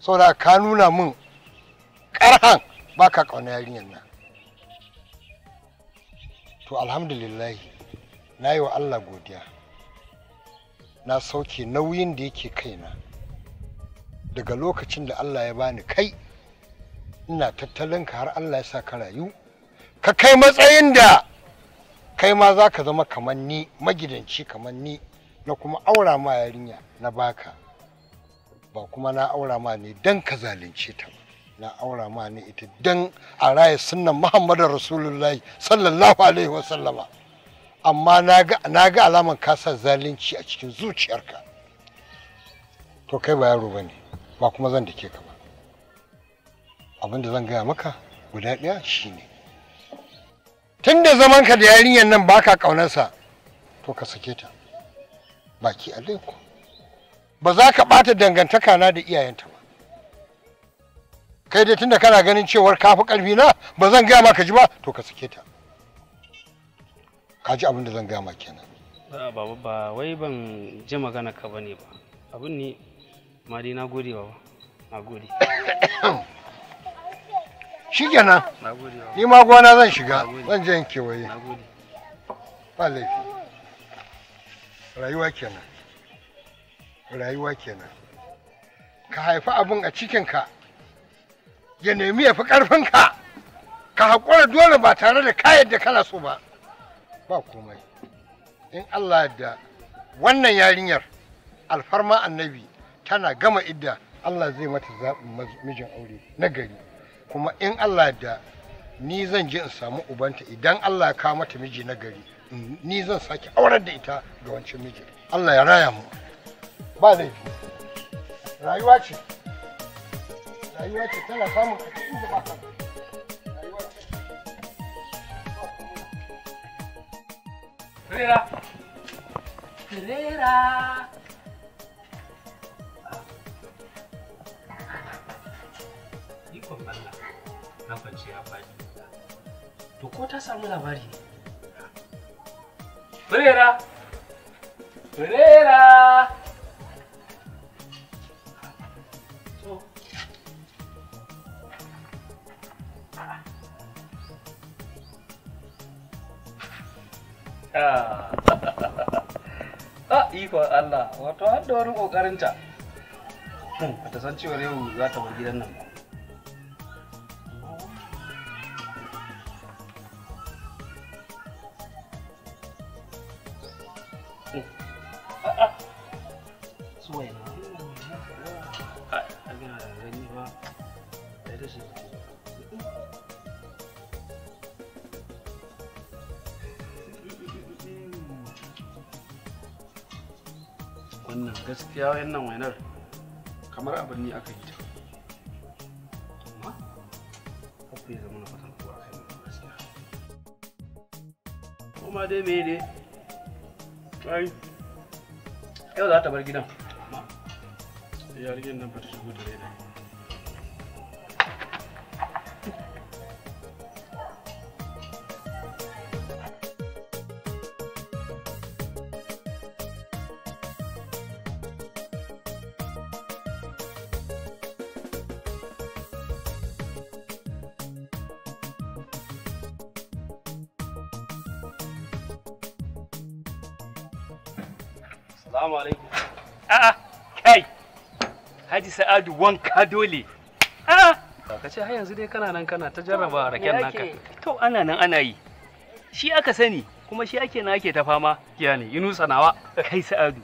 saboda ka nuna min ƙarhan ba ka ƙaunar yarinyar nan to alhamdulillahi na yi wa allah godiya na sauke nauyin da yake kaina daga lokacin da Allah ya bani kai ina tattalin ka har Allah ya sa ka rayu ka kai matsayin da kai ma za ka zama kamar ni magidanci kamar ni na kuma aura ma yarinya na baka ba kuma na aura ma ne dan ka zalunce ta na aura ma ne ita dan a raya sunnan muhammadu rasulullahi sallallahu alaihi wasallama amma na ga alaman kasa zalunci a cikin zuciyarka to kai ba yaro ba ne ba kuma zan dake ka ba abin da zan gaya maka guda ɗaya shine tun da zamanka da yarinyar nan baka ƙaunarsa to ka sake ta baki alaiku ba za ka ɓata dangantaka na da iyayenta ba kai dai tunda kana ganin cewar kafi ƙarfi na ba zan gaya maka ji ba to ka sake ta ka ji abin da zan gama kenan ba ba wai ban ji magana ka bane ba abin ne ma dai na gode ba. na gode shikenan ni ma gona zan shiga zan je gode ba laifi rayuwa kenan rayuwa kenan ka haifi abin a cikinka ya nemi ya fi ƙarfinka ka haƙura dole ba tare da kayan da kana so ba ba komai in Allah da wannan yarinyar alfarma annabi tana gama idda Allah zai mata zaɓin mijin aure na gari kuma in Allah da ni zan je in samu ubanta idan Allah ya mata miji na gari ni zan sake aurar da ita ga wancan miji Allah ya raya mu ba laifi rayuwa ce rayuwa ce tana samun a cikin da ba Ferreira! Ferreira! ta samu labari Ferreira! Ferreira! a ah. ah, ikon Allah wato har da wani kokarinta hmm, ta ta san cewa yau za ta bar gidan nan ba birni aka yi ta kuma dai mai ne ai yau za ta bar gidan ya rigin nan ba ta shigo da rai sa'adu wanka dole ah! ka ce har yanzu dai kana nan kana ta jarraba raken naka to ana nan ana yi shi aka sani kuma shi ake na ake ta fama ya ne yunusa kai sa'adu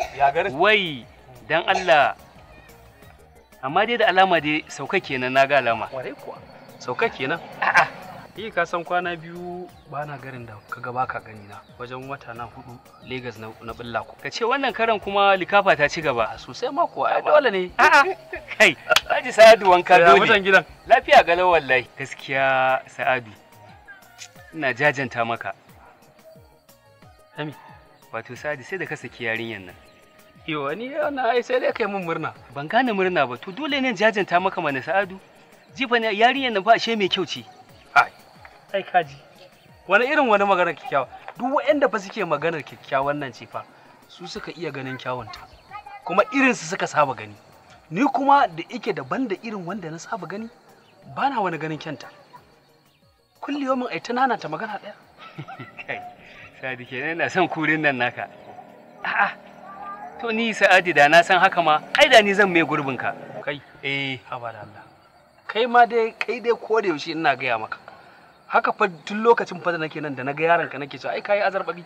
wai dan Allah amma dai da alama dai sauka kenan na ga alama sauka kenan a'a yi ka san kwana biyu ba na garin da kaga baka gani na wajen wata na hudu Legas na, na bulla ku ka ce wannan karan kuma likafa ta ci gaba sosai ma ko ai dole ne a'a kai Haji Sa'adu wanka dole mutan gidan lafiya galau wallahi gaskiya Sa'adu ina jajanta maka Ami wato Sa'adu sai da ka saki yarinyan nan Yo ni na ai sai dai kai mun murna ban gane murna ba to dole ne jajanta maka mana Sa'adu jifa yarinyan nan ba ashe mai kyau ce ai ai kaji wani irin wani maganar kyakkyawa duk waɗanda fa suke maganar kyakkyawan nan ce fa su suka iya ganin kyawunta kuma irin su suka saba gani ni kuma da ike daban da irin wanda na saba gani ba na wani ganin kyanta kulli yomin ai ta nana ta magana ɗaya sadi kenan na son kurin nan naka a'a to ni sa'adi da na san haka ma ai da ni zan mai gurbin ka kai eh haba da Allah kai ma dai kai dai ko da yaushe ina gaya maka haka fa tun lokacin fa nake nan da naga yaron ka nake cewa ai kai azarbabi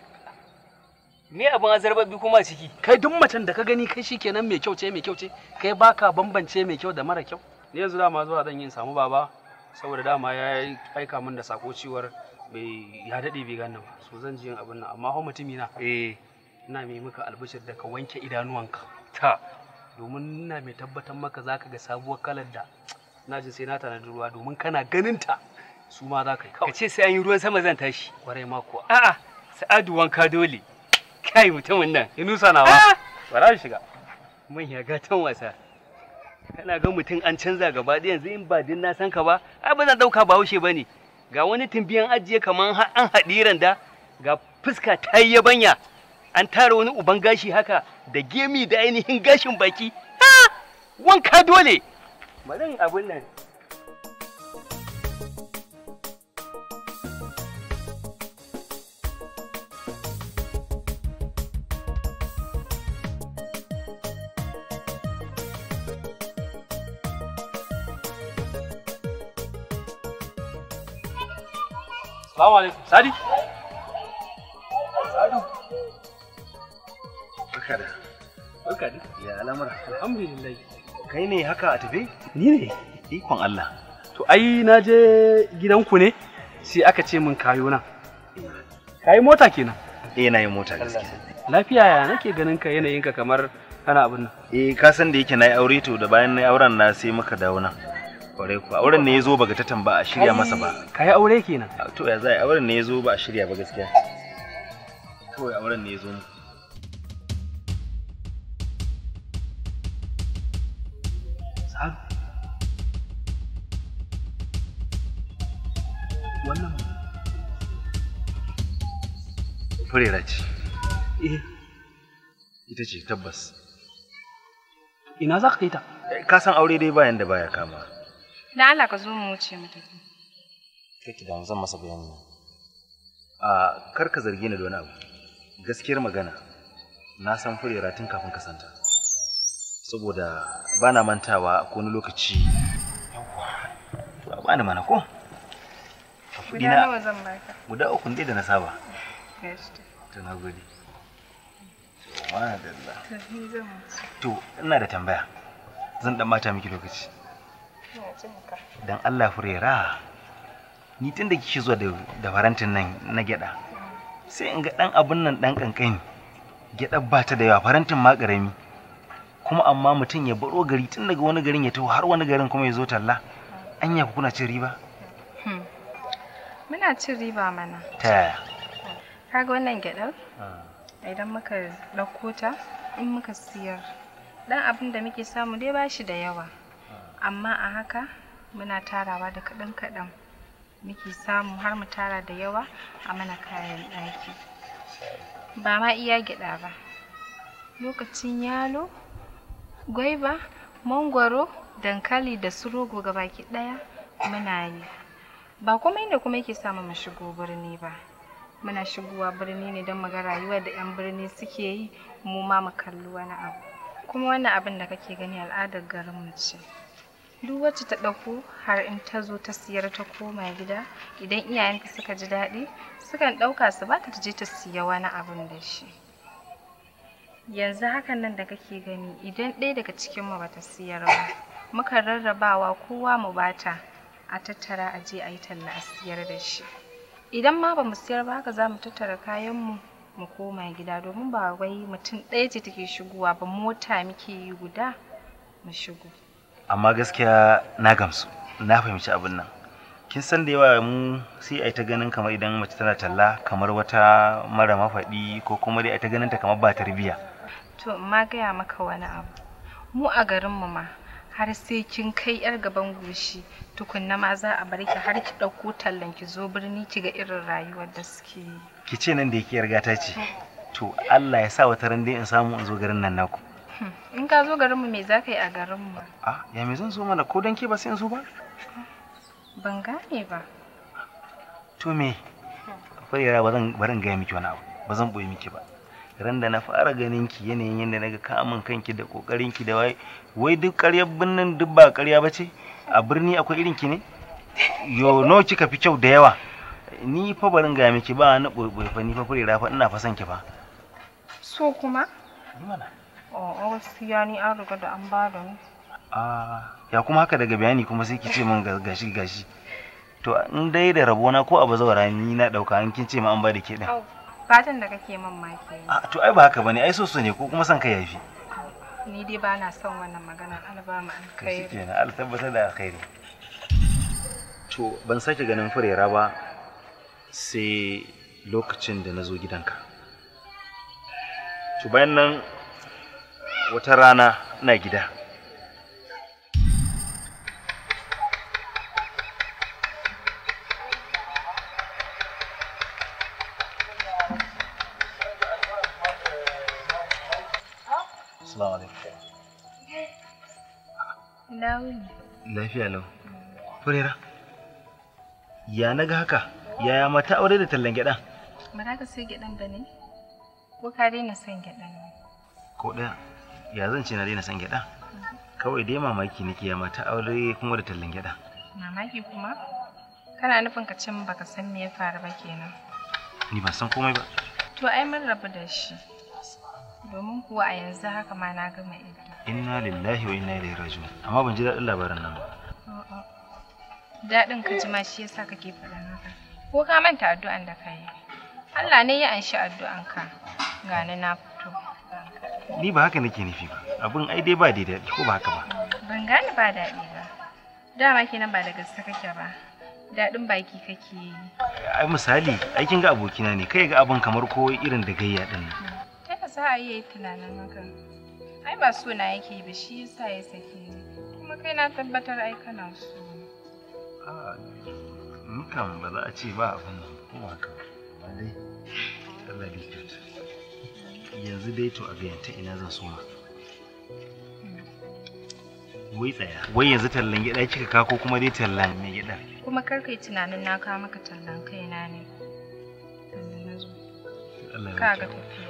me abin azarbabi kuma ciki kai duk mace da ka gani kai shi shikenan mai kyau ce mai kyau ce kai baka bambance mai kyau da mara kyau ni yanzu dama zuwa zan yin samu baba saboda dama ya aika min da sako ciwar bai ya dade bi gane ba so zan ji yin abin nan amma ho mutumi na eh ina mai maka albishir da ka wanke idanuwanka ta domin ina mai tabbatar maka zaka ga sabuwar kalar da na ji sai na tana ruwa domin kana ganin ta su ma za ka yi kawai. Ka sai an yi ruwan sama zan tashi. Kwarai ma kuwa. A'a, sa'adu wanka dole. Kai mutumin nan, ya nusa nawa. Bara shiga. Mun ya gatan wasa. Kana ga mutum an canza gaba ɗaya yanzu in ba din na san ka ba, ai ba zan ɗauka haushe ba ne. Ga wani tumbiyan ajiye kamar an haɗiran da ga fuska ta yi yabanya. An tara wani uban gashi haka da gemi da ainihin gashin baki. Wanka dole. Marin abun nan Assalamu alaikum. Sadi? Sadu. Barka da. Barka Kai ne haka a tafe? Ni ne. Ikon Allah. To ai na je gidanku ne sai aka ce min kayo nan. Kayi mota kenan. Eh na yi mota Lafiya ya nake ganin ka yanayinka kamar kana abin nan. Eh ka san da yake na yi aure to da bayan na yi auren na sai muka dawo nan. aure kuwa auren ne ya zo baka ta tamba a shirya masa ba kai aure kenan to ya zai auren ne ya zo ba a shirya ba gaskiya ya auren ne ya zo wannan furera ce eh ita ce tabbas ina za ka kai ta eh, ka san aure dai bayan da baya kama Da Allah ka zo mu wuce mu tafi. ki da zan masa bayani. A kar ka zargi ni da wani abu. Gaskiyar magana na san furera tun kafin ka santa. Saboda ba na mantawa ko wani lokaci. Yawwa. Ba ni mana ko? Guda nawa zan baka? Guda uku ne da na saba. To na gode. To ina da tambaya. Zan dan mata miki lokaci. don Allah furera ni tun da kike zuwa da farantin nan na gyada sai in ga dan abun nan dan kankani gyada ba ta da yawa farantin ma karami kuma amma mutum ya baro gari tun daga wani garin ya taho har wani garin kuma ya zo talla anya ku kuna cin riba hmm. muna cin riba mana ta yaya kaga wannan gyadar ah. idan muka dauko ta in muka siyar dan abin da muke samu dai bashi da yawa amma a haka muna tarawa da kaɗan kaɗan muke samu har mu tara da yawa a mana kayan ɗaki ba ma iya gyaɗa ba lokacin yalo gwaiba mangwaro dankali da su rogo gabaki ɗaya muna yi ba kuma inda kuma yake samu mu shigo birni ba muna shigowa birni ne don muga rayuwa da 'yan birni suke yi mu ma mu kalli wani abu kuma wannan abin da kake gani al'adar garinmu ce duk wacce ta ɗauko har in ta zo ta siyar ta koma gida idan iyayenta suka ji daɗi sukan ɗauka su ba ta je ta siya wani abun da shi yanzu hakan nan da kake gani idan ɗaya daga cikinmu ba ta siyar ba mukan rarrabawa kowa mu bata a tattara a je a yi talla a siyar da shi idan ma ba mu siyar ba haka za mu tattara kayanmu mu koma gida domin ba wai mutum ɗaya ce take shigowa ba mota muke yi guda mu shigo amma gaskiya na gamsu na fahimci abin nan kin san da yawa mu sai ai ta ganin kamar idan mace tana talla kamar wata mara mafaɗi ko kuma dai ai ta ganin ta kamar ba tarbiya to ma gaya maka wani abu mu a garin mu ma har sai kin kai yar gaban goshi tukunna ma za a bar ki har ki ɗauko tallan ki zo birni ki ga irin rayuwar da suke ki ce nan da yake yarga ta ce to Allah ya sa wata ran dai in samu in zo garin nan naku Hmm. In ka zo garinmu me za ka yi a garinmu? Ah, ya me zan zo mana ko dan ke ba sai in zo ba? Ban gane ba. To me? Akwai yara ba zan barin gaya miki wani abu. Ba zan boye miki ba. Ran da na fara ganin ki yanayin yadda naga kamun kanki da kokarin ki da wai wai duk karyar birnin duk ba ƙarya bace. A birni akwai irin ki ne? Yo no kika fi kyau da yawa. Ni fa barin gaya miki ba na boye fa ni fa fure rafa ina fa son ki fa. So kuma? Ni mana. A'a gaskiya ni an riga da an ba da ni. ya kuma haka daga bayani kuma sai ki ce min gashi gashi. To in dai da rabona ko abu zawara ni na dauka an kin ce min an ba da ke din. Fatan da kake min ma ke. A to ai ba haka bane ai so so ne ko kuma san kai yafi. Ni dai ba na son wannan magana albama alkhairi. Kashi kenan al tabbatar da alkhairi. To ban sake ganin furera ba sai lokacin da na zo gidanka. To bayan nan wata rana na gida Lafiya lau. Furera. Ya naga haka? Yaya mata aure da tallan gyaɗa? Ba za ka sai gyaɗan ba ne? Ko ka daina son gyaɗan ne? Ko ɗaya. ya zan ce na daina san gyaɗa kawai dai mamaki nake ya mata aure kuma da tallan gyaɗa mamaki kuma kana nufin ka ce baka san me ya faru ba kenan ni ba san komai ba to ai mun rabu da shi domin kuwa a yanzu haka ma na gama idda inna lillahi wa inna ilaihi raji'un amma ban ji daɗin labarin nan ba daɗin ka ji ma shi yasa kake faɗa haka ko ka manta addu'an da ka yi Allah ne ya anshi addu'an ka gani na ni ba haka nake nufi ba abun ai dai ba daidai ko ba haka ba ban gane ba daɗi ba dama kenan ba da gaske kake ba daɗin baki kake yi ai misali ai kin ga abokina ne kai ga abin kamar ko irin da gayya din nan kai ka sa a yi tunanin haka ai ba so na yake ba shi yasa ya sake ni kuma kai na tabbatar ai kana so a mukan ba za a ce ba abin nan ko ba haka ba dai Allah ya kyauta yanzu dai to a gayyanta ina zan ma, wai tsaya wai yanzu tallan gida kika ka ko kuma dai tallan mai gida kuma kar kai tunanin na kawo maka tallan kaina ne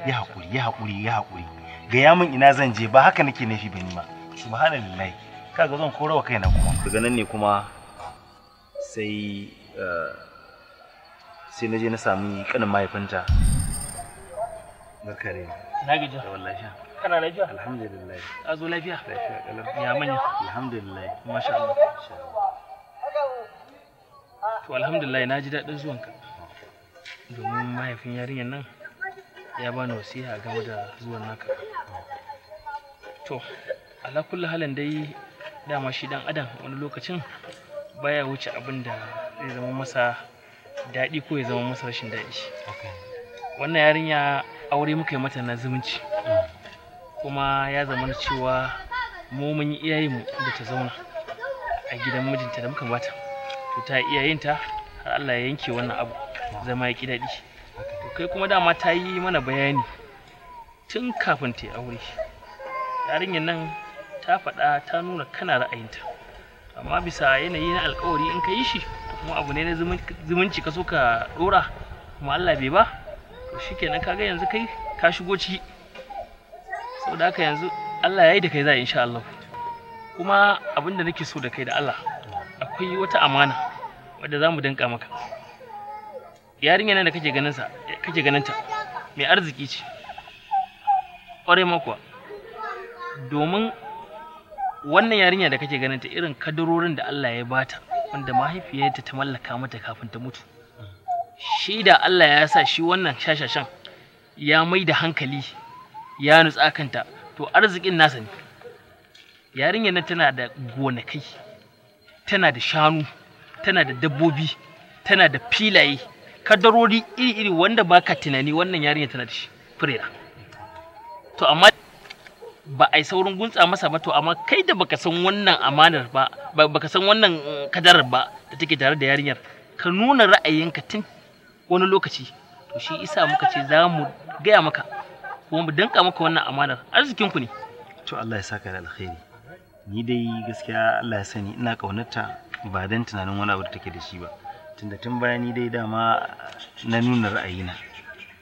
ya hakuri ya hakuri ya hakuri gaya min ina zan je ba haka nake nufi ba ni ma subhanallahi kaga zan korawa kaina kuma daga nan ne kuma sai eh, sai na je na sami kanin mahaifinta Barka Na gaji. Da wallahi sha. Kana lafiya? Alhamdulillah. Ka zo lafiya? Lafiya kalam. Ya manya? Alhamdulillah. Masha Allah. To alhamdulillah na ji daɗin zuwanka. Domin mahaifin yarinyar nan ya bani wasiya game da zuwan naka. To, ala kulli halin dai dama shi dan adam wani lokacin baya wuce abin da zai zama masa daɗi ko ya zama masa rashin daɗi. Wannan yarinya aure muka yi mata na zumunci kuma ya zama cewa mu mun yi iyayenmu da ta zauna a gidan mijinta da muka bata to ta iyayenta har Allah ya yanke wannan abu zama ya ki daɗi to kai kuma dama ta yi mana bayani tun kafin ta yi aure yarinyar nan ta faɗa ta nuna kana ra'ayinta amma bisa yanayi na alkawari in ka yi shi kuma abu ne na zumunci ka so ka ɗora kuma Allah bai ba to shikenan kaga yanzu kai ka shigo ciki saboda haka yanzu Allah ya yi da kai za insha Allah kuma abin da nake so da kai da Allah akwai wata amana wadda za mu danka maka yarinya nan da kake ganin sa kake ganin ta mai arziki ce kwarai makuwa domin wannan yarinya da kake ganin ta irin kadarorin da Allah ya bata wanda mahaifiyarta ta mallaka mata kafin ta mutu shi da Allah ya sa shi wannan shashashan ya mai da hankali ya nutsa kanta to arzikin nasa ne yarinyar nan tana da gonakai tana da shanu tana da dabbobi tana da filaye kadarori iri-iri wanda ba ka tunani wannan yarinyar tana da shi firera to amma ba a yi saurin guntsa masa ba to amma kai da baka san wannan amanar ba baka san wannan eh, kadarar ba da take tare da yarinyar ka nuna ra'ayinka tun wani lokaci to shi isa muka ce za mu gaya maka kuma mu danka maka wannan amanar arzikin ku ne to Allah ya saka da alkhairi ni dai gaskiya Allah ya sani ina kaunarta ba dan tunanin wani abu da take da shi ba tunda tun baya ni dai dama na nuna ra'ayina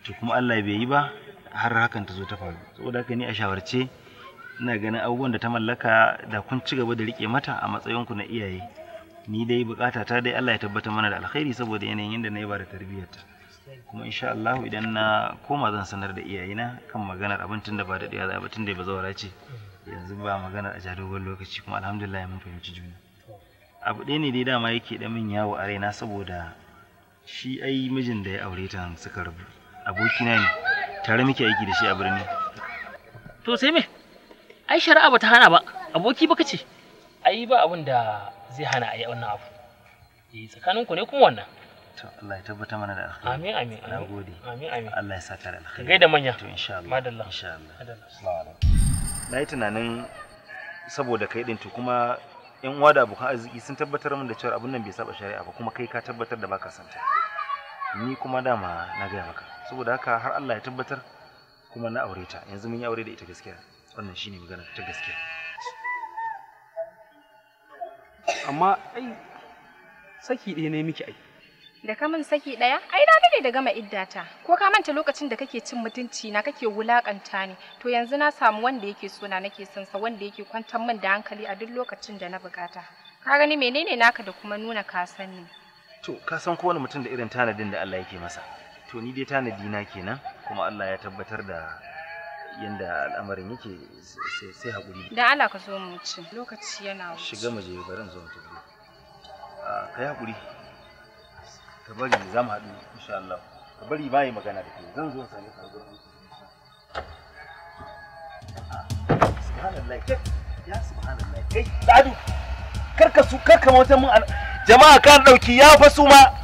to kuma Allah bai yi ba har hakan ta zo ta faru saboda haka ni a shawarce ina ganin abubuwan da ta mallaka da kun ci gaba da rike mata a matsayinku na iyaye ni dai bukata ta dai Allah ya tabbata mana da alkhairi saboda yanayin yadda na yi ba da tarbiyyarta kuma insha Allah idan na koma zan sanar da iyayena kan maganar tun da ba da ɗaya ba tun da ba zawara ce yanzu ba maganar a dogon lokaci kuma alhamdulillah mun fahimci juna abu ɗaya ne dai dama yake da min yawo a raina saboda shi ai mijin da ya aure ta suka rabu abokina ne tare muke aiki da shi a birni to sai me ai shari'a ba ta hana ba aboki baka ce ai ba abin da zai hana a yi wannan abu eh, tsakanin ku ne kuma wannan to Allah ya tabbata mana da alkhairi amin amin na gode amin amin Allah ya saka da alkhairi gaida manya to insha Allah madalla insha Allah assalamu alaikum na yi tunanin saboda kai din to kuma yan uwa da abokan arziki sun tabbatar min da cewa abun nan bai saba shari'a ba kuma kai ka tabbatar da baka santa ni kuma dama na gaya maka saboda haka har Allah ya tabbatar kuma na aure ta yanzu mun yi aure da ita gaskiya wannan shine magana ta gaskiya Amma ai saki ɗaya ne miki ai. Da ka min saki ɗaya? Ai na dade da gama iddata. Ko ka manta lokacin da kake cin mutunci na kake wulakanta ni. To yanzu na samu wanda yake so na nake son sa wanda yake kwantar min da hankali a duk lokacin da na bukata. Ka gani menene naka da kuma nuna ka san ni. To ka san kowane mutum da irin tanadin da Allah yake masa. To ni dai tanadi na kenan kuma Allah ya tabbatar da yanda al'amarin yake sai haƙuri dan Allah ka zo mu ci lokaci yana wuce shiga mu je bari in zo mu tafi ka yi haƙuri ka bari za mu haɗu insha Allah ka bari ba yi magana da kai zan zo sami ka zo subhanallah ya subhanallah kai dadu karka su karka wata mun jama'a kan dauki ya fa su ma